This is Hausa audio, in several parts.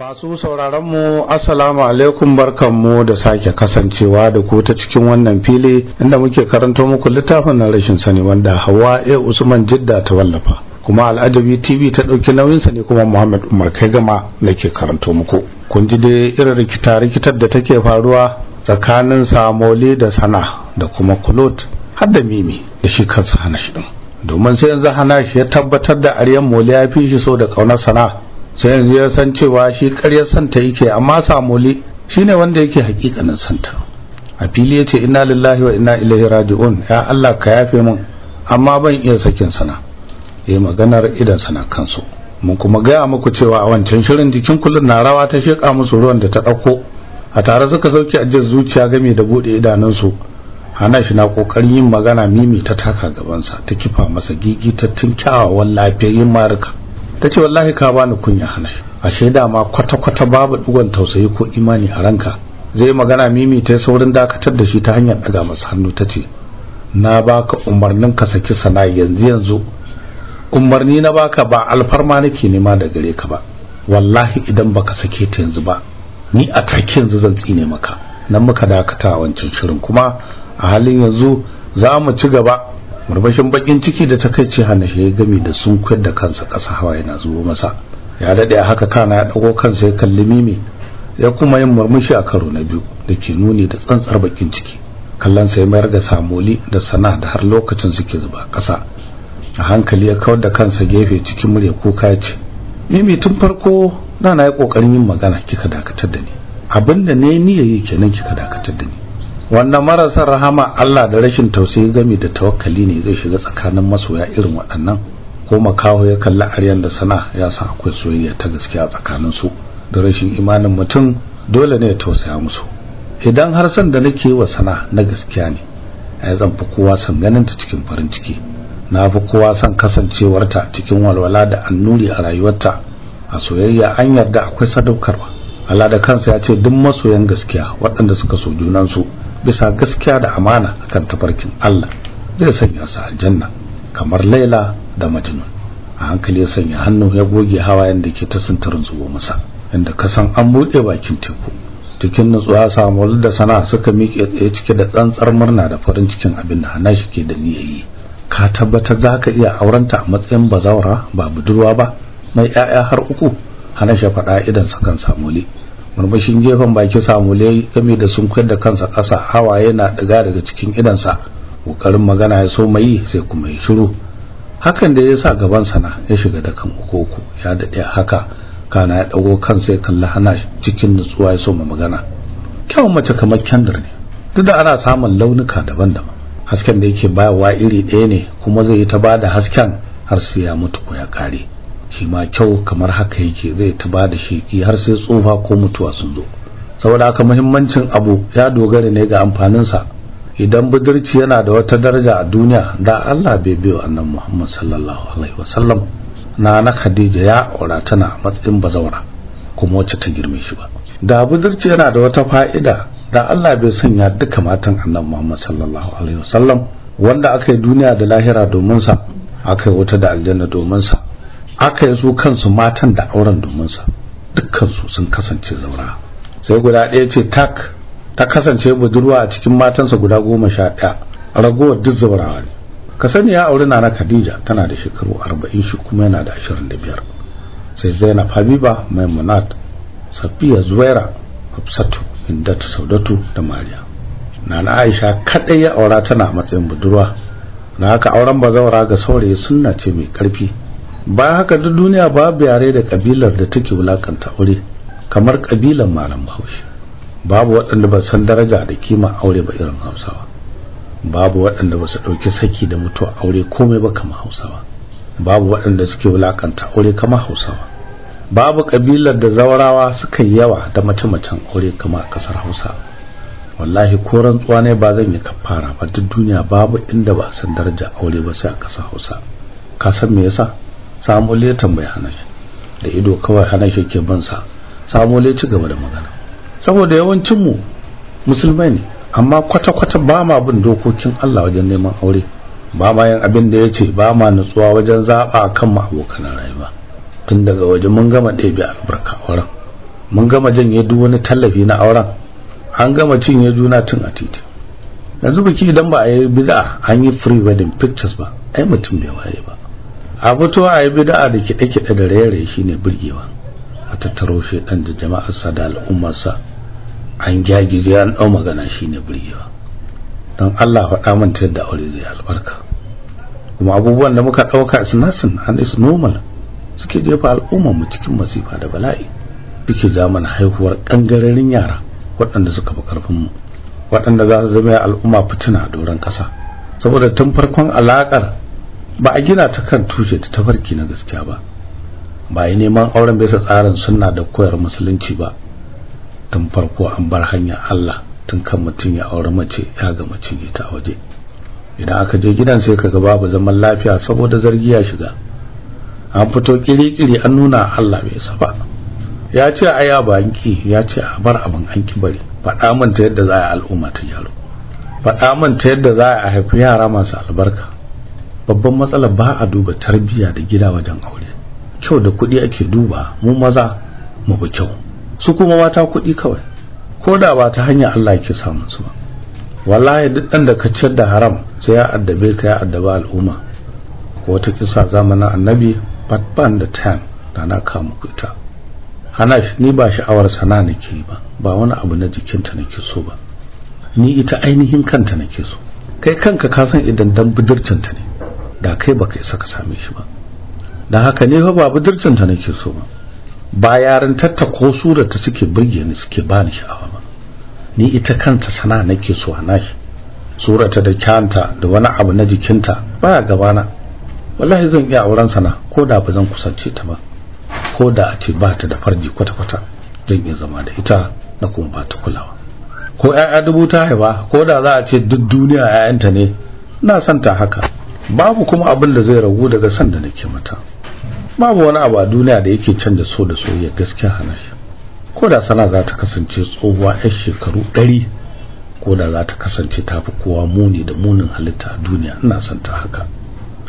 Masu sauraronmu Assalamu alaikum barkanmu da sake kasancewa da ku ta cikin wannan fili inda muke karanto muku littafin na rashin sani wanda Hawa A Usman Jidda ta wallafa. Kuma Al'ajabi TV ta ɗauki sa ne kuma Muhammad Umar kai gama nake karanto muku. Kun ji dai irin rikita rikitar da take faruwa tsakanin Samoli da Sana da kuma Kulot har da Mimi da shi kansa hana shi domin sai yanzu hana shi ya tabbatar da Aryan moli ya fi shi so da ƙaunar Sana sai yanzu ya san cewa shi karyar santa yake amma samoli shi ne wanda yake hakikanin santa a fili ya ce inna lillahi wa ina ilaihi raji'un ya Allah ka yafe min amma ban iya sakin sana ya eh, maganar idan sana kansu mun kuma gaya muku cewa a wancan shirin jikin kullum na rawa ta sheƙa musu ruwan da ta ɗauko a tare suka sauke jin zuciya game da buɗe idanunsu hana shi na kokarin yin magana mimi ta taka gabansa ta kifa masa gigi ta tun kyawawan lafiyayyen marika ta ce wallahi ka bani kunya a ashe ma kwata-kwata babu dugon tausayi ko imani a ranka zai magana mimi ta saurin dakatar da shi ta hanyar daga masa hannu ta ce na baka umarnin ka saki sana yanzu yanzu umarni na baka ba alfarma nake nema da gare ka ba wallahi idan baka sake ta yanzu ba ni a take yanzu zan tsine maka nan muka dakata wancan shirin kuma a halin yanzu za mu ci gaba murmushin bakin ciki da takaice hana shi ya gami da sun kwar da kansa kasa hawa yana zuwa masa ya dade haka kana ya dago kansa ya kalli mimi ya kuma yin murmushi a karo na biyu da ke nuni da tsantsar bakin ciki kallon sai mayar da samoli da sana da har lokacin suke zuba ƙasa a hankali ya kawar da kansa gefe cikin murya kuka ce mimi tun farko na na yi ƙoƙarin yin magana kika dakatar da ni abinda ne ni yayi kenan kika dakatar da ni wanda marasa rahama Allah da rashin tausayi game da tawakkali ne zai shiga tsakanin masoya irin waɗannan ko makaho ya kalli aryan da sana ya san akwai soyayya ta gaskiya tsakanin su da rashin imanin mutum dole ne ya tausaya musu idan har san da nake wa sana na gaskiya ne ai zan fi kowa san ganin ta cikin farin ciki na fi kowa san kasancewarta cikin walwala da annuri a rayuwarta a soyayya an yarda akwai sadaukarwa Allah da kansa ya ce duk masoyan gaskiya waɗanda suka so junansu bisa gaskiya da amana akan tafarkin Allah zai sanya su aljanna kamar Laila da Majnun a hankali ya sanya hannu ya goge hawa da ke ta sintirin zuwa masa inda kasan an buɗe bakin teku cikin nutsuwa samuwar da sana suka miƙe tsaye cike da tsantsar murna da farin cikin abin da hana shi ke da niyayi ka tabbata za ka iya aurenta a matsayin bazawara ba budurwa ba mai 'ya'ya har uku hana shi faɗa idan kan samuli, murmushin gefen baki samuli kame da sun kwar da kansa ƙasa hawaye na ɗiga daga cikin sa, kokarin magana ya so mai sai kuma ya shiru hakan da ya sa gaban sana ya shiga da kan uku ya daɗe haka kana ya ɗago kansa ya kalli hana cikin nutsuwa ya so magana kyau mace kamar kyandir ne duk da ana samun launuka daban-daban hasken da yake bayarwa iri ɗaya ne kuma zai yi ta bada hasken har sai ya mutu ko ya kare shi ma kyau kamar haka yake zai ta bada sheki har sai tsufa ko mutuwa sun zo saboda haka muhimmancin abu ya dogara ne ga amfaninsa idan budurci yana da wata daraja a duniya da Allah bai biyo annan Muhammad sallallahu alaihi wasallam na na Khadija ya aura tana matsayin bazawara kuma wacce ta girme shi ba da budurci yana da wata fa'ida da Allah bai sanya duka matan annan Muhammad sallallahu alaihi wasallam wanda aka duniya da lahira domin sa aka wata da aljanna domin sa aka yi su kansu matan da auren domin sa dukkansu sun kasance zaura sai guda ɗaya ce tak ta kasance budurwa a cikin matansa guda goma sha ɗaya ragowar duk zaurawa ne ka sani ya auri nana khadija tana da shekaru arba'in shi kuma yana da ashirin da biyar sai zainab habiba maimunat safiya zuwaira hafsatu hindatu saudatu da mariya nana aisha kaɗai ya aura tana matsayin budurwa na haka auren bazawara ga saurayi sunna ce mai ƙarfi bayan haka duk duniya babu yare da kabilar da take wulakanta aure kamar kabilar malam bahaushe babu waɗanda ba san daraja da kima aure ba irin hausawa babu waɗanda ba su ɗauki saki da mutuwa aure komai ba kamar hausawa babu waɗanda suke wulakanta aure kamar hausawa babu kabilar da zawarawa suka yi yawa da mace-macen aure kamar ƙasar hausa wallahi ko rantsuwa ne ba zan yi kafara ba duk duniya babu inda ba san daraja aure ba sai a ƙasar hausa ka san me yasa Samu ya tambaya hanashi da ido kawai hanashi ke bansa sa ya ci gaba da magana saboda yawancinmu musulmai ne amma kwata-kwata ba ma bin dokokin Allah wajen neman aure ba ma yin abin da ya ce ba ma nutsuwa wajen zaɓa kan mu abokan rayuwa tun daga waje mun gama ɗebe albarka auren mun gama janye duk wani tallafi na auren an gama cinye juna tun a titi yanzu biki idan ba a yi bid'a an yi free wedding pictures ba ai mutum bai waye ba a fito a yi bid'a da kiɗe-kiɗe da raye-raye shine burgewa a tattaro shi dan da jama'ar sa da al'ummar sa an gyagize an dau magana shine burgewa dan Allah faɗa min ta yadda aure zai albarka kuma abubuwan da muka ɗauka is nothing and is normal suke jefa al'ummar mu cikin masifa da bala'i suke zaman haihuwar kangararin yara waɗanda suka fi karfin mu waɗanda za su zama al'umma fitina doron ƙasa saboda tun farkon alakar ba a gina ta kan tushe ta tafarki na gaskiya ba ba yi neman auren bisa tsarin sunna da koyar musulunci ba tun farko an bar hanyar Allah tun kan mutum ya aure mace ya ga mace ne ta waje idan aka je gidan sai ka gaba babu zaman lafiya saboda zargi ya shiga an fito kiri-kiri an nuna Allah bai saba ya ce a ya banki ya ce a bar abin an ki bari faɗa manta yadda za a al'umma ta gyaru faɗa manta ta yadda za a haifi yara masu albarka babban matsala ba a duba tarbiya da gida wajen aure kyau da kuɗi ake duba mu maza mu bi kyau su kuma mata kuɗi kawai ko da ba ta hanyar Allah ke samu su ba wallahi duk ɗan da ka ciyar da haram sai ya addabe ka ya addaba al'umma ko ta kisa zamanin annabi batban da tan da na kama kuta hana shi ni ba sha'awar sana nake ba ba wani abu na jikinta nake so ba ni ita ainihin kanta nake so kai kanka ka san idan dan budurcinta ne da kai baka isa ka same shi ba dan haka ne fa babu dirtin ta nake so ba ba yaran tatta ko sura ta suke burge ni suke bani sha'awa ba ni ita kanta sana nake so a nashi surata da kyanta da wani abu na jikinta ba baya gabana wallahi zan iya auren sana ko da ba zan kusance ta ba ko da a ce ba ta da farji kwata-kwata zan iya zama da ita na kuma ba ta kulawa ko 'ya'ya dubu ta haifa ko da za a ce duk duniya 'ya'yanta ne na santa haka babu kuma abin da zai ragu daga san da nake mata babu wani abu a duniya da yake canza so da soyayya gaskiya hanashi ko da sana za ta kasance tsohuwa yar shekaru ɗari ko da za ta kasance ta fi kowa muni da munin halitta a duniya ina son ta haka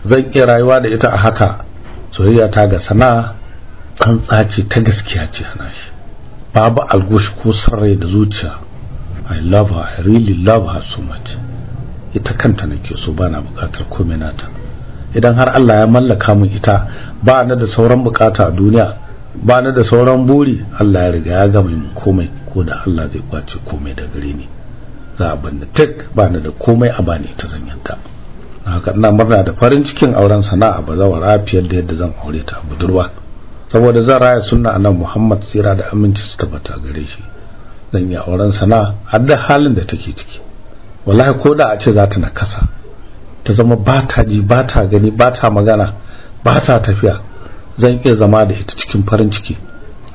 zan iya rayuwa da ita a haka soyayya ta ga sana'a, tsantsa ce ta gaskiya ce hanashi babu algoshi ko sarrai da zuciya i love her i really love her so much ita kanta nake so bana bukatar komai nata idan har Allah ya mallaka mun ita ba na da sauran bukata a duniya ba na da sauran buri Allah ya riga ya gama min komai ko da Allah zai kwace komai da gare ni za a banda tek ba na da komai a bani ta zan yanka haka ina murna da farin cikin auren sana'a ba zawar afiyar da yadda zan aure ta budurwa saboda zan raya sunna annabi Muhammad sira da aminci su tabbata gare shi zan yi auren sana'a har da halin da take ciki wallahi ko da a ce za ta nakasa ta zama ba ta ji ba ta gani ba ta magana ba ta tafiya zan iya zama da ita cikin farin ciki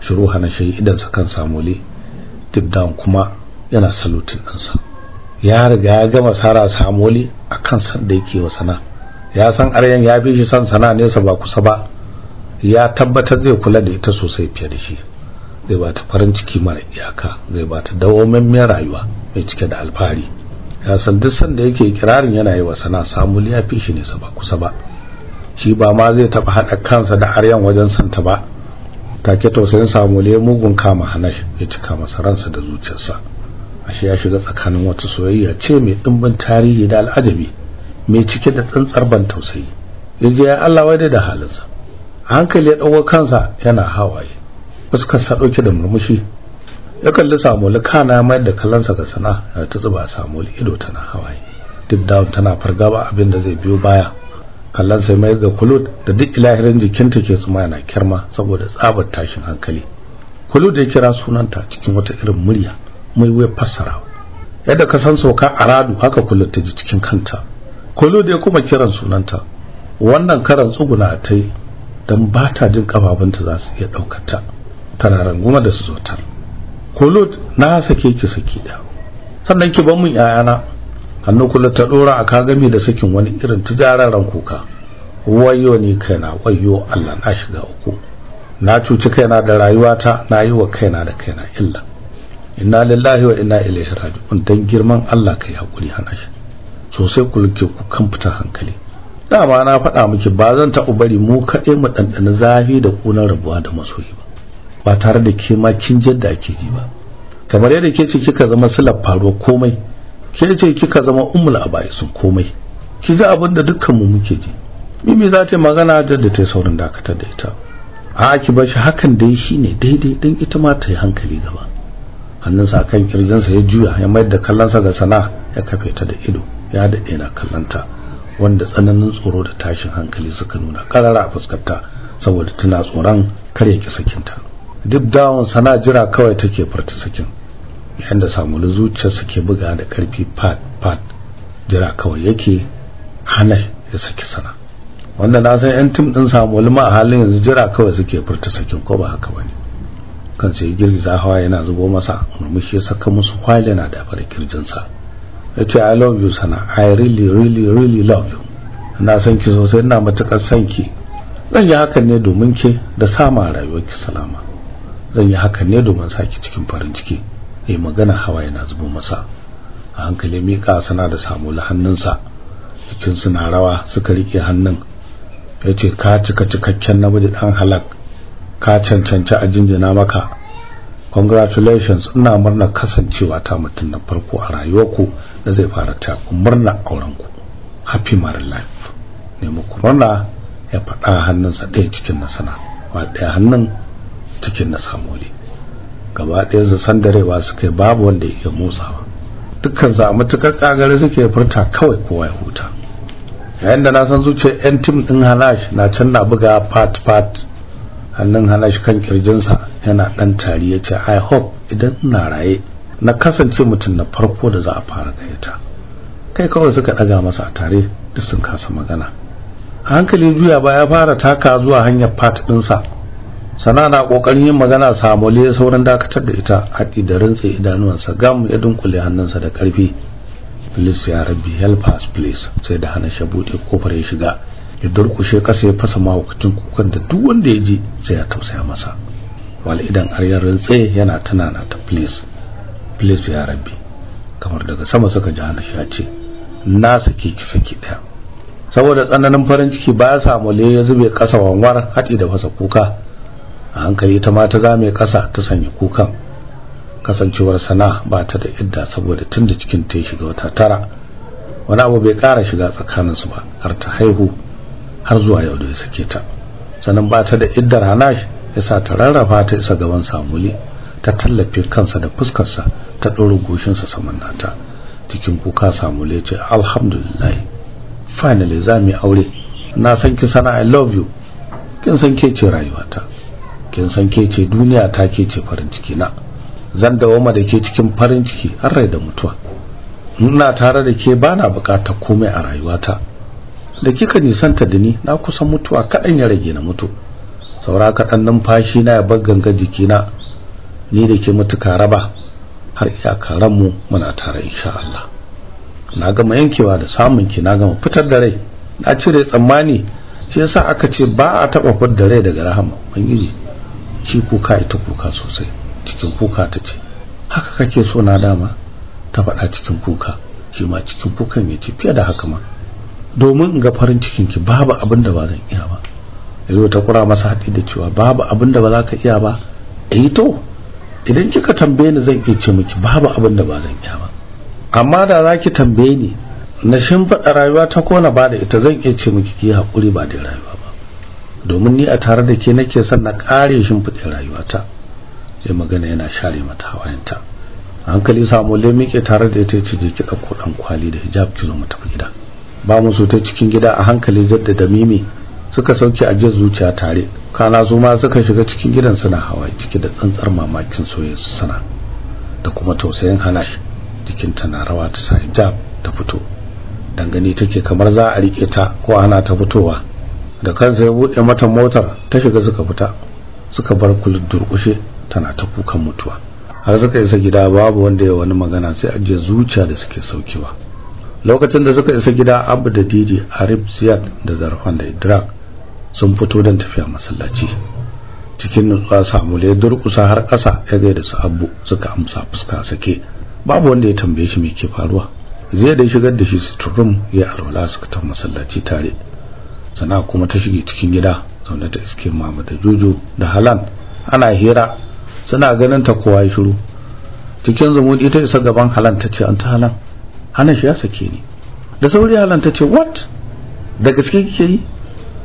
shiru hana shi idan sa kan le duk da kuma yana salutin ɗansa ya riga ya gama sara samuli a kan san da yake wa sana ya san aryan ya bi shi san sana nesa ba kusa ba ya tabbatar zai kula da ita sosai fiye da shi zai ba ta farin ciki mara iyaka zai ba ta dawwammamiyar rayuwa mai cike da alfahari ya san duk sanda yake kirarin yana yi wa sana samu liyafi shi ne sa ba kusa ba shi ba ma zai taba hada kansa da aryan wajen santa ba take tausayin samu ya mugun kama hanash ya cika masa ransa da zuciyarsa ashe ya shiga tsakanin wata soyayya ce mai dimbin tarihi da al'ajabi mai cike da tsantsar ban tausayi yaje ya Allah wai da halinsa hankali ya dauko kansa yana hawaye fuskar sa dauke da murmushi ya kalli samuli kana mai da kallonsa ga sana ta zuba samuli ido tana hawaye duk wata tana fargaba abin da zai biyo baya kallon sai mai ga kulut da duk ilahirin jikinta ke suma yana kirma saboda tsabar tashin hankali da ya kira sunanta cikin wata irin murya mai wuya fassara yadda ka san sauka aradu haka kulut ta ji cikin kanta da ya kuma kiran sunanta wannan karan tsuguna ta yi don ba ta jin kafafunta za su iya ɗaukata tana ranguma da su zotar kulut na sake ki saki da sannan ki ban mun yayana hannu kula ta dora a ka gami da sakin wani irin tijararan kuka wayo ne kaina wayo Allah na shiga uku na cuci kaina da rayuwata na yi wa kaina da kaina illa inna lillahi wa inna ilaihi raji'un dan girman Allah kai hakuri hana shi sosai kulke ku kan fita hankali dama na faɗa miki ba zan taɓa bari mu kaɗai mu ɗanɗana zafi da ƙunar rabuwa da masoyi ba ba tare da ke ma cin jadda ake ji ba kamar yadda ke ce kika zama silar faruwa komai ke ce kika zama ummul sun komai ki ga abin da dukkan mu muke ji mimi za ta yi magana jadda ta yi saurin dakatar da ita a ki ba shi hakan da dai shine daidai don ita ma ta yi hankali gaba hannunsa kan kirjinsa ya juya ya mayar da kallonsa ga sana ya kafe ta da ido ya daɗe na kallonta wanda tsananin tsoro da tashin hankali suka nuna karara a fuskarta saboda tana tsoron kar ya ki sakinta duk dawon sana jira kawai take furta sakin yayin da samu zuciyar suke buga da karfi pat pat jira kawai yake hana ya saki sana wanda na san yan tim din samu ma a halin yanzu jira kawai suke furta sakin ko ba haka bane kan sai girgiza hawa yana zubo masa murmushi ya saka musu kwali na da kirjinsa yace i love you sana i really really really love you na san ki sosai ina matukar san ki zan yi hakan ne domin ke da sama ki salama zan yi hakan ne domin saki cikin farin ciki E, magana hawa yana zubo masa a hankali mika sana da samu hannunsa cikin suna rawa suka rike hannun yace ka cika cikakken namiji dan halak ka cancanci a jinjina maka congratulations ina murna kasancewa ta mutum na farko a rayuwarku da zai fara ta murna aurenku happy married life ne muku murna ya faɗa hannunsa ɗaya cikin nasana wa ɗaya hannun cikin na gaba ɗaya su sandarewa suke babu wanda ya motsawa dukkan su a matukar kagare suke furta kawai kowa ya huta yayin da na san zuciyar yan tim din halash na can na buga pat pat hannun halash kan kirjinsa yana ɗan tari ya ce i hope idan ina raye na kasance mutum na farko da za a fara gayyata kai kawai suka ɗaga masa a tare duk sun kasa magana hankali zuya ba ya fara taka zuwa hanyar pat ɗinsa sana na kokarin yin magana samole ya sauran dakatar da ita haɗi da rantsa idanuwansa gam ya dunkule hannunsa da ƙarfi please ya rabbi help us please sai da hana shabuɗe kofar ya shiga ya durkushe ƙasa ya fasa mahaukacin kukan da duk wanda ya ji sai ya tausaya masa wal idan har ya rantsa yana tunana ta please please ya rabbi kamar daga sama suka ji hana shi ce na saki ki saki ɗaya saboda tsananin farin ciki ba ya samu ya zube ƙasa wanwar haɗi da fasa kuka a hankali ta ma ta zame kasa ta sanya kukan kasancewar sana ba ta da idda saboda tunda cikin ta shiga wata tara wani abu bai kara shiga tsakanin su ba har ta haihu har zuwa yau da ya sake ta sanan ba ta da iddar hanash yasa ta rarrafa ta isa gaban samuli ta tallafe kansa da fuskarsa ta ɗora goshinsa saman nata cikin kuka samule ce alhamdulillah finally za mu aure na san ki sana i love you kin san ke ce rayuwata kin san ke ce duniya ta ke ce farin ciki na zan dawoma da ke cikin farin ciki har rai da mutuwa ina tare da ke bana bukatar komai a rayuwata da kika nisanta da ni na kusa mutuwa kaɗan ya rage na mutu saura kaɗan numfashi na ya bar ganga jikina ni da ke mutuka raba har iyakar ranmu muna tare insha Allah na gama yankewa da samun ki na gama fitar da rai na cire tsammani shi yasa aka ce ba a taba fitar da rai daga rahama ubangiji shi kuka ita kuka sosai cikin kuka ta ce haka kake so na dama ta faɗa cikin kuka shi ma cikin kukan ya ce fiye da haka ma domin ga farin cikin ki babu abin da ba zan iya ba yau ta kura masa haɗi da cewa babu abin da ba za ka iya ba eh to idan kika tambaye ni zan iya ce miki babu abin da ba zan iya ba amma da za ki tambaye ni na shimfiɗa rayuwa ta kona ba da ita zan iya ce miki ki haƙuri ba da rayuwa domin ni a tare da ke nake son na kare shimfiɗe rayuwata sai magana yana share mata hawayenta hankali samu le miƙe tare da ita ce ki ɗauko kwali da hijab ki zo mu gida ba mu so ta cikin gida a hankali jadda da mimi suka sauke a jin zuciya tare kana su ma suka shiga cikin gidan suna hawa ciki da tsantsar mamakin soyayya sana da kuma tausayin hanash jikinta na rawa ta sa hijab ta fito dangane take kamar za a rike ta ko ana ta fitowa da kansa ya buɗe mata motar ta shiga suka fita suka bar kulun durƙushe tana ta kukan mutuwa har suka isa gida babu wanda ya wani magana sai ajiye zuciya da suke saukewa lokacin da suka isa gida abu da didi arif ziyad da zarfan da idrak sun fito don tafiya masallaci cikin nutsuwa samu ya durƙusa har ƙasa ya da su abu suka amsa fuska sake babu wanda ya tambaye shi me ke faruwa zai da shigar da shi su suturum ya alwala suka tafi masallaci tare sana kuma ta shige cikin gida zaune ta iske mama da juju da halan ana hira suna ganin ta kowa ya shiru cikin zumudi ta isa gaban halan ta ce an ta halan hana shi ya sake ni da sauri halan ta ce what da gaske kike yi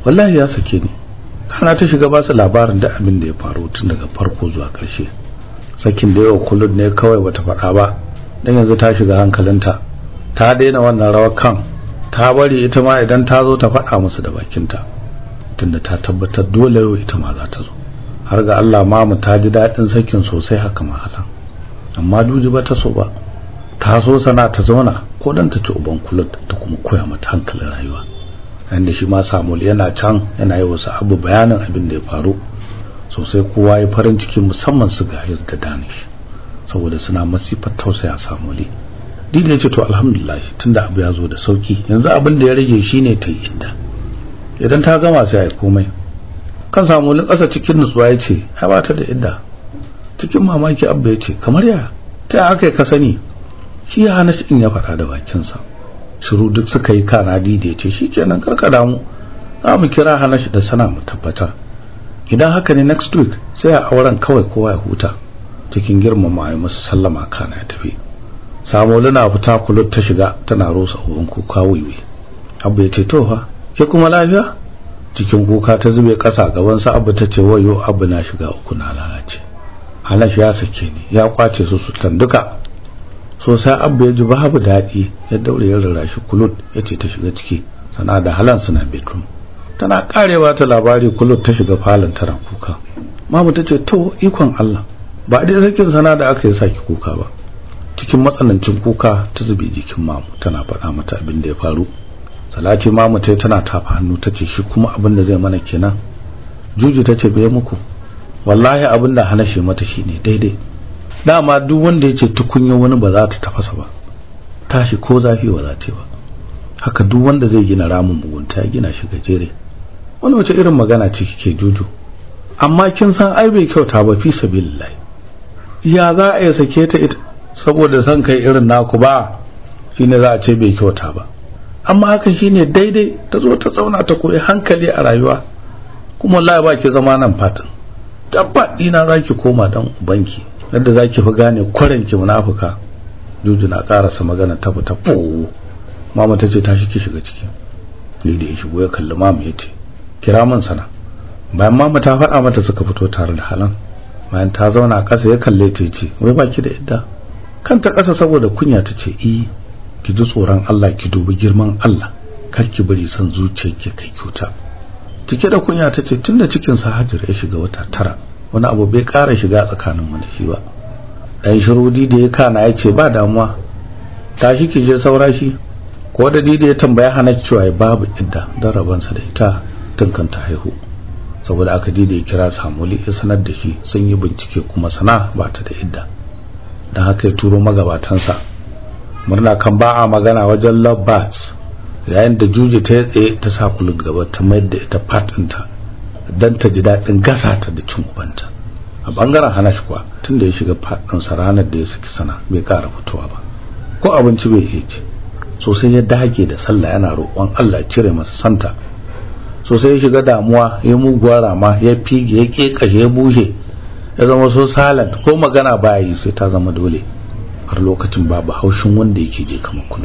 wallahi ya sake ni kana ta shiga ba su labarin da abin da ya faru tun daga farko zuwa ƙarshe sakin da yau kullun ne kawai bata faɗa ba dan yanzu ta shiga hankalinta ta daina wannan rawar kan ta bari ita ma idan ta zo ta faɗa musu da bakinta tunda ta tabbatar dole yau ita ma za ta zo har ga Allah mamu ta ji daɗin sakin sosai haka ma haka amma duji ba ta so ba ta so sana ta zauna ko dan ta ci uban kulut ta kuma koya mata hankalin rayuwa da shi ma Samuel yana can yana yi wasu abu bayanin abin da ya faru sosai kowa ya farin cikin musamman su ga da Danish saboda suna masifar tausaya Samuel din ya ce to alhamdulillah tunda abu ya zo da sauki yanzu abin da ya rage shine ta inda idan ta gama sai ya komai kan samu wani ƙasa cikin nutsuwa ya ce ba ta da idda cikin mamaki abba ya ce kamar ya ta aka ka sani shi ya hana in ya faɗa da bakinsa shiru duk suka yi kana didi ya ce shi kenan karka damu za mu kira hana shi da sana mu tabbata idan haka ne next week sai a auren kawai kowa ya huta cikin girmama ya musu sallama kana ya tafi samu lana fita kulut ta shiga tana rosa uban kuka wuiwi abu ya ce to fa ke kuma lafiya cikin kuka ta zube ƙasa gaban sa abu ta ce wayo abu na shiga uku na lalace halashi ya sake ni ya kwace su sultan duka so sai abu ya ji babu daɗi ya daure ya rarrashi kulut ya ce ta shiga ciki sana da halan suna bedroom tana karewa ta labari kulut ta shiga falon tara kuka mamu ta ce to ikon Allah ba dai sakin sana da aka yi saki kuka ba cikin matsanancin kuka ta zube jikin mamu tana faɗa mata abin da ya faru salati mamu tai tana tafa hannu tace shi kuma abin da zai mana kenan juju tace bai muku wallahi abin da hana shi mata shine daidai dama duk wanda yace tukunya wani ba za ta tafasa ba tashi ko zafi wa za ta ba haka duk wanda zai gina ramin mugunta ya gina shi gajere wani wace irin magana ce kike juju amma kin san ai bai kyauta ba fi sabilillah ya za a yi sake ta saboda son kai irin naku ba shi shine za a ce bai kyauta ba amma haka shine daidai ta zo ta zauna ta koyi hankali a rayuwa kuma wallahi ba ki zama nan fatan tabba dina za ki koma dan banki. yadda za ki fi gane kwarin ki munafuka juju na karasa magana ta fita fowo mama ta ce ta shi ki shiga ciki ni da ya shigo ya kalli mama ya ce kira min sana bayan mama ta faɗa mata suka fito tare da halan bayan ta zauna a ƙasa ya kalle ta ce wai baki da idda kanta ƙasa saboda kunya ta ce i eh, ki ji tsoron Allah ki dubi girman Allah kar ki bari san zuciyarki kai kyuta cike da kunya ta ce tunda cikin sa ya shiga wata tara wani abu bai kara shiga tsakanin mu da shi ba dan shirudi da ya kana ya ce ba damuwa tashi ki je saura shi ko da dide ya tambaya hana cewa eh, babu idda dan sa da ita tun kanta haihu saboda aka dide kira Samuli ya sanar da shi sun yi bincike kuma sana ba ta da idda don haka ya turo magabatansa murna kan ba a magana wajen labbas yayin da juji ta ya tsaye ta sa kulun gaba ta mayar da ita fatinta don ta ji daɗin gasa ta da cin a bangaren hanash kuwa tun da ya shiga sa ranar da ya saki sana bai ƙara fitowa ba ko abinci bai iya ci sosai ya dage da sallah yana roƙon Allah cire masa santa sosai ya shiga damuwa ya muguwa rama ya fige ya ƙeƙashe ya bushe ya zama so silent ko magana yi sai ta zama dole har lokacin babu haushin wanda yake je kamar kulu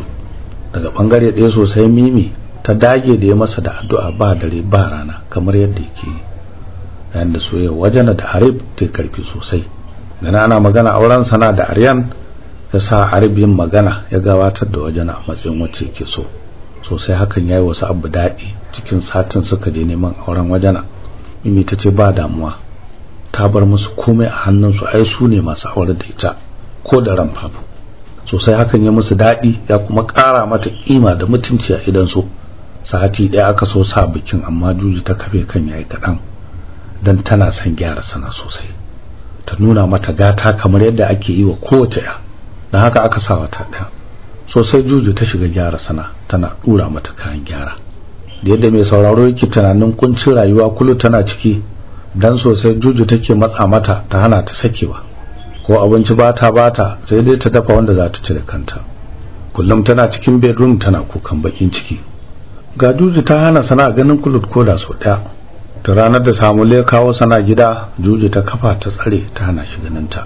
daga bangare ɗaya sosai mimi ta dage da ya masa da addu'a ba dare ba rana kamar yadda yake yayin da soyayya wajena da harib ta karfi sosai da ana magana auren sana da aryan ya sa harib yin magana ya gabatar da wajena a matsayin wacce yake so sosai hakan yayi wasu abu daɗi cikin satin suka je neman auren wajena mimi ta ce ba damuwa ta bar musu komai a hannunsu ai su ne masu aure da ita ko da ran fafu sosai hakan ya musu daɗi ya kuma ƙara mata ƙima da mutunci a idan su. sati ɗaya aka so sa bikin amma juji ta kafe kan yayi kaɗan dan tana son gyara sana sosai ta nuna mata gata kamar yadda ake yi wa kowace ya don haka aka sa wata ɗaya sosai juju ta shiga gyara sana tana ɗura mata kayan gyara da yadda mai sauraro yake tunanin kuncin rayuwa kullu tana ciki dan sosai juju take matsa mata ta hana ta sakewa ko abinci bata bata sai dai ta dafa wanda za ta ci da kanta kullum tana cikin bedroom tana kukan bakin ciki ga juju ta hana sana ganin kulut ko da so daya ta ranar da samu le kawo sana gida juju ta kafa ta tsare ta hana shi ganin ta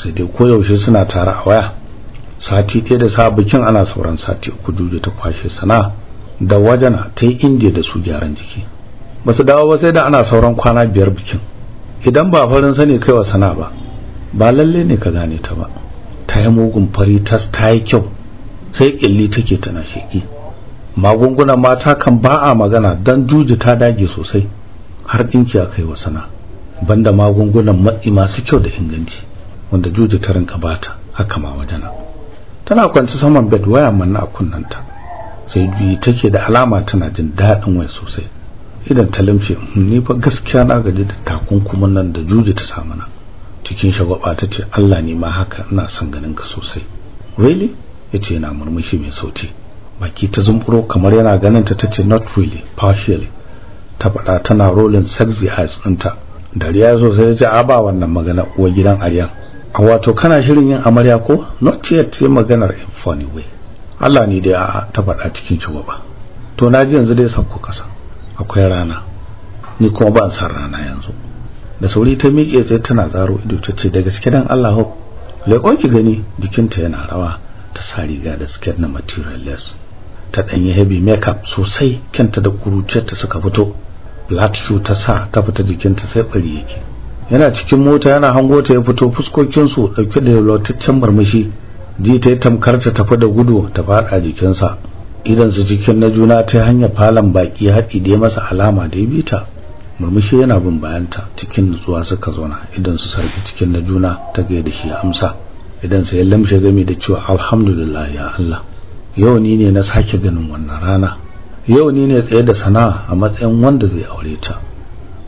sai dai koyaushe suna tare a waya sati ɗaya da sa bikin ana sauran sati uku juju ta kwashe sana da wajena ta yi indiya da su gyaran jiki Basu dawo ba sai da ana sauran kwana biyar bikin idan ba farin sani kaiwa sana ba ba lalle ne ka gane ta ba ta yi mugun fari ta yi kyau sai ƙilli take tana sheƙi magungunan mata kan ba a magana don juji ta dage sosai har ɗinki a kai wa sana banda magungunan matsi masu kyau da inganci wanda juji ta rinka bata haka ma wajena tana kwanci saman bed waya manna a kunnanta sai juyi take da alama tana jin daɗin wai sosai idan ta limce, hmm, ni fa gaskiya na gaji da takunkumin nan da juji ta sa mana cikin shagwaba ta ce Allah ne ma haka ina son ganin ka sosai really yace yana murmushi mai sauti baki ta zumburo kamar yana ganin ta tace not really partially ta faɗa tana rolling sexy eyes ɗinta dariya sai ta a ba wannan magana uwa gidan aryan a wato kana shirin yin amarya ko not yet sai maganar in funny way Allah ne da ta faɗa cikin shagwaba to naji yanzu dai sauko kasa akwai rana ni kuma ba san rana yanzu da sauri ta miƙe sai tana zaro ido ta ce da gaske dan Allah hop ki gani jikinta yana rawa ta sa riga da skirt na materialless ta yi heavy makeup sosai kanta da ta suka fito black shoe ta sa ta fita jikinta sai bari yake yana cikin mota yana hango ta ya fito fuskokin su dauke da lotaccen murmushi ji ta tamkar ta tafi da gudu ta fada jikinsa idan su cikin na juna ta hanyar falon baki haɗi da ya masa alama da ya bita murmushi yana bin bayanta cikin nutsuwa suka zauna idan su sarki cikin na juna ta gaida shi amsa idan sai ya lamshe game da cewa alhamdulillah ya Allah yau ni ne na sake ganin wannan rana yau ni ne tsaye da sana'a a matsayin wanda zai aure ta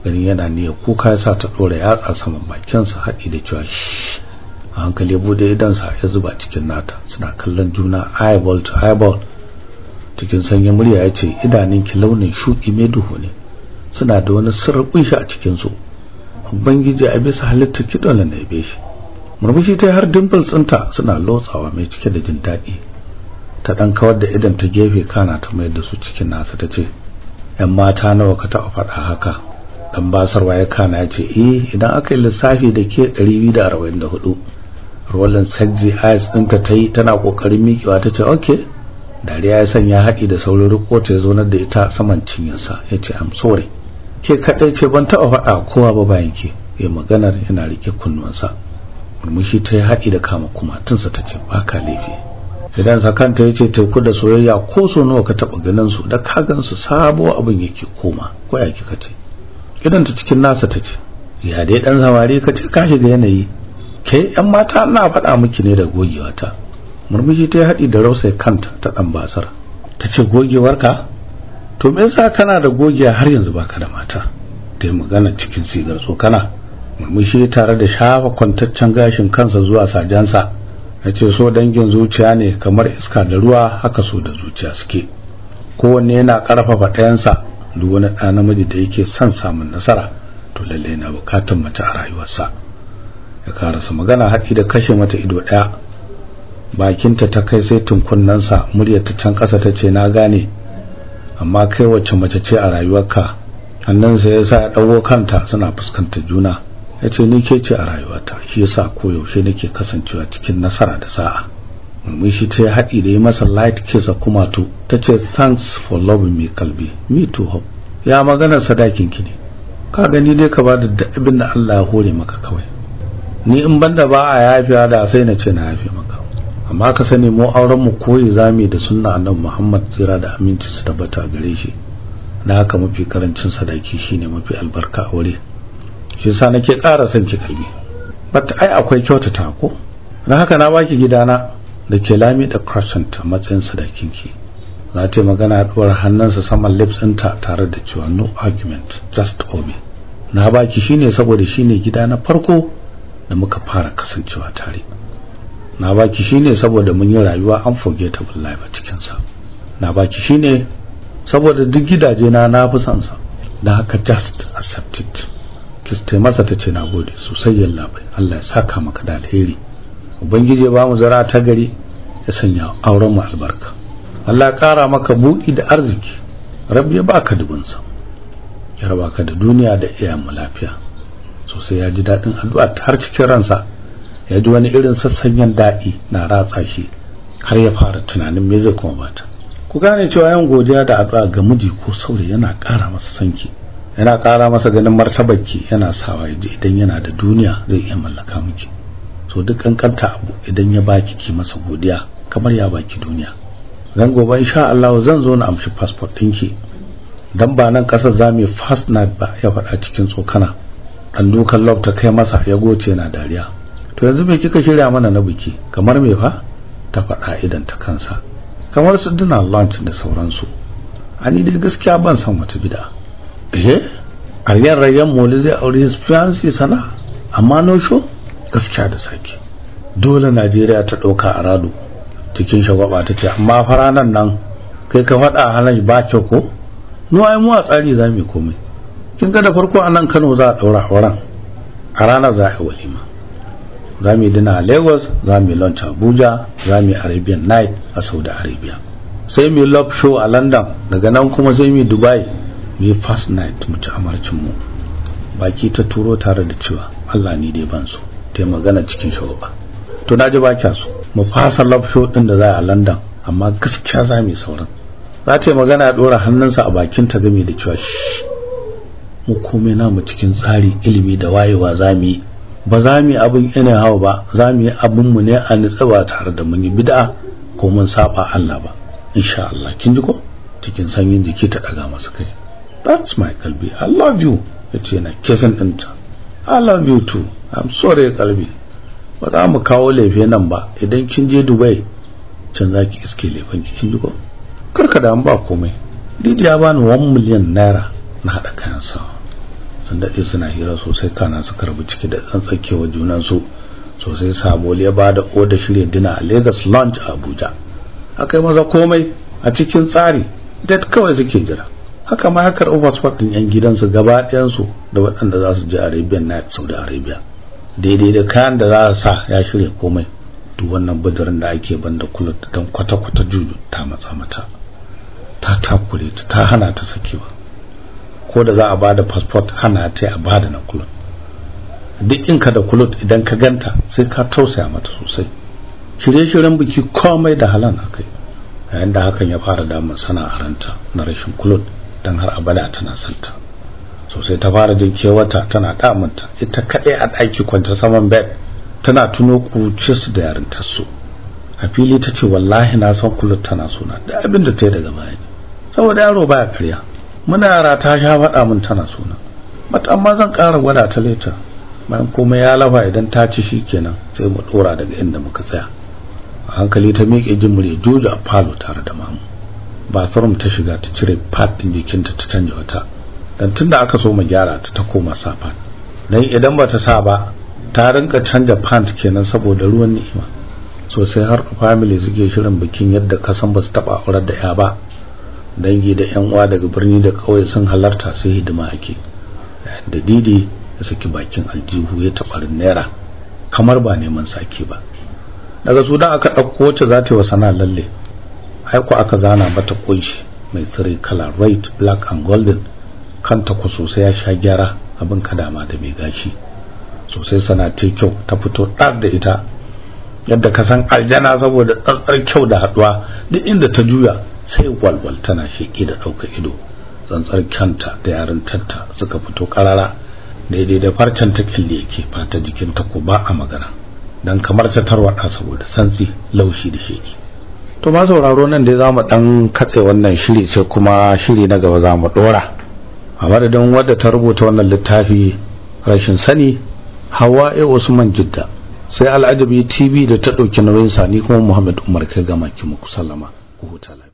ganin yana niyyar kuka sa ta dora yatsa saman bakinsa haɗi da cewa a hankali bude idansa ya zuba cikin nata suna kallon juna eyeball to eyeball cikin sanyin murya ya ce idanunki launin shuki mai duhu ne suna da wani sirri kunshi a cikinsu ubangiji a bisa halitta ki dole na yabe shi murmushi ta har dimples tsinta suna lotsawa mai cike da jin daɗi ta ɗan kawar da idan ta gefe kana ta mai da su cikin nasa ta ce ‘yan mata nawa ka taɓa faɗa haka ɗan basarwa ya kana ya ce eh idan aka yi lissafi da ke 244 ruwan sajji ice ɗinka ta yi tana ƙoƙarin miƙewa ta ce okay dariya ya sanya haɗi da saurin riko ta zonar da ita saman cinyarsa ya ce am sore ke kaɗai ce ban taɓa faɗa kowa ba bayan ke ya maganar yana rike kunnuwansa murmushi ta yi haɗi da kama kumatunsa ta ce ba ka laifi idan sa kanta ya ce teku da soyayya ko so nawa ka taɓa ganin su da ka gan su sabo abin yake koma ko ya kika ce idan ta cikin nasa ta ce ya dai ɗan samari ka ce ka shiga yanayi ke yan mata na faɗa miki ne da gogewa ta murmushi ta haɗi da rausai kanta ta ɗan basar ta ce gogewarka to me yasa kana da gogiya har yanzu baka da mata ta yi magana cikin sigar tsokana murmushi tare da shafa kwantaccen gashin kansa zuwa sajansa na ce so dangin zuciya ne kamar iska da ruwa haka so da zuciya suke kowanne yana ƙarfafa ɗayansa duk wani ɗa namiji da yake son samun nasara to lallai na bukatar mace a rayuwarsa ya karasa magana haƙi da kashe mata ido ɗaya bakinta ta kai sai tunkunnansa muryar ta can kasa ta ce na gane amma kai wacce mace ce a rayuwarka hannunsa ya sa ya ɗauko kanta suna fuskantar juna ya ce ni ke ce a rayuwata shi yasa koyaushe nake kasancewa cikin nasara da sa'a shi ta yi haɗi da yi masa light kiss a kumatu ta ce thanks for loving me kalbi me too hope ya maganar sadakin ki ne ka gani dai ka bada da abin da Allah ya hore maka kawai ni in banda ba a yafiya da sai na ce na yafe maka amma ka sani mu auren mu koyi zami da sunna annabi Muhammad tsira da aminci su tabbata gare shi na haka mafi karancin sadaki shine mafi albarka aure shi yasa nake ƙara son ki kalbi but ai akwai kyautata ko na haka na baki gidana da ke lami da crescent a matsayin sadakin ki na ce magana haɗuwar hannunsa saman lips ɗinta tare da cewa no argument just obe na baki shine saboda shine gida na farko da muka fara kasancewa tare na baki shine saboda mun yi rayuwa an ta life ba cikin sa na baki shine saboda duk gidaje na na fi son sa Da haka just accept it kiste masa ta na nagode sosai yalla bai Allah ya saka maka da alheri ubangije ba mu zara ta gari ya sanya auren mu albarka Allah ya kara maka buɗi da arziki rabbi ya baka dubun sa ya raba ka da duniya da iyayen mu lafiya sosai ya ji daɗin addu'a har cikin ransa ya ji wani irin yan daɗi na ratsa shi har ya fara tunanin me zai kuma bata ku gane cewa yan godiya da addu'a ga miji ko saurayi yana ƙara masa sanki yana ƙara masa ganin ki yana sawa yaji idan yana da duniya zai iya mallaka miki so duk kankanta abu idan ya baki ki masa godiya kamar ya baki duniya zan gobe insha Allah zan zo na amshi passport ɗinki dan ba nan kasar mu fast night ba ya faɗa cikin tsokana dan dukan love ta kai masa ya goce na dariya to yanzu me kika shirya mana na biki kamar me fa ta faɗa idan ta kansa kamar su dina launch da sauransu ani dai gaskiya ban san wata bida eh aryan rayan mole zai aure su fiance sana amma no sho gaskiya da saki dole Najeriya ta dauka a rado cikin shagwaba ce, amma faranan nan kai ka faɗa halaj ba kyau ko no ai mu a tsari zamu komai kin ga da farko a nan Kano za a daura horan a ranar za a yi walima za mu yi dina a lagos za mu yi lunch a abuja za mu yi arabian night a saudi arabia sai mu yi love show a london daga nan kuma sai mu yi dubai mu yi first night mu ci amarcin mu baki ta turo tare da cewa allah ni dai ban so ta magana cikin ba. to na ji baki so mu fasa love show din da za a london amma gaskiya za mu yi sauran za ta yi magana ya ɗora hannunsa a bakin ta game da cewa mu komai namu cikin tsari ilimi da wayewa za mu yi ba za mu yi abin ina hawa ba za mu yi abin mu ne a nitsa ba tare da mun yi bid'a ko mun saba Allah ba insha Allah kin ji ko cikin sanyin jiki ta daga masa kai that's my kalbi i love you yace yana kissing ɗinta i love you too i'm sorry kalbi ba za mu kawo lefe nan ba idan kin je Dubai can za ki iske lefen ki kin ji ko karka da an ba komai Lidiya bani 1 miliyan naira na haɗa kayan sawa sun daɗe suna hira sosai kana suka rabu ciki da tsantsakewa junansu sosai sabol ya bada da oda shirya dina a lagos lunch a abuja akai maza komai a cikin tsari dat kawai suke jira haka ma haka overspot din yan gidansu gaba su da waɗanda za su je arabian night saudi arabia daidai da kayan da za sa ya shirya komai duk wannan bidirin da ake banda kulat don kwata-kwata juju ta matsa mata ta takure ta hana ta sakewa ko da za a bada passport hana ta a bada na kulut duk in ka da kulut idan ka ganta sai ka tausaya mata sosai shirye-shiryen biki komai da halan akai yayin da hakan ya fara damun sana'aranta na rashin kulut dan har abada tana santa sosai ta fara jin kewata tana damunta ita kadai a daki kwanta saman bed tana tuno su da yarintarsu a fili ta ce wallahi na san kulut tana suna da abin da ta yi daga baya saboda yaro baya karya muna yara ta sha faɗa min tana suna mata amma zan ƙara gwada ta leta bayan komai ya lafa idan ta ci shi kenan sai mu ɗora daga inda muka tsaya a hankali ta miƙe jimure jojo a falo tare da mamu ba sarum ta shiga ta cire fat ɗin jikinta ta canja wata dan tunda aka so mu gyara ta ta koma safa dan idan ba ta sa ba ta rinka canja pant kenan saboda ruwan ni'ima sosai har family suke shirin bikin yadda kasan ba su taba aurar da ya ba dangi da yan uwa daga birni da kawai sun halarta sai hidima ake da didi ya saki bakin aljihu ya taɓa naira kamar ba neman sake ba daga su sudan aka ɗauko wacce za ta yi wa sana lalle haiku aka zana mata kunshi mai tsire kala right black and golden kanta ku sosai ya sha gyara abin kadama da mai gashi sosai sana ta kyau ta fito ɗar da ita yadda ka san aljana saboda tsantsar kyau da haduwa duk inda ta juya sai walwal tana sheƙi da ɗaukar ido tsantsar kyanta da yarintarta suka fito karara daidai da farcen ta kille yake fata jikinta ko ba a magana dan kamar ta tarwada saboda santsi laushi da sheki to ma sauraro nan dai zamu ɗan katse wannan shiri sai kuma shiri na gaba zamu ɗora a madadin wadda ta rubuta wannan littafi rashin sani Hawa'i Usman Jidda sai al'ajabi tv da ta ɗauki nauyin sani kuma muhammad umar ka gama ki muku sallama ku huta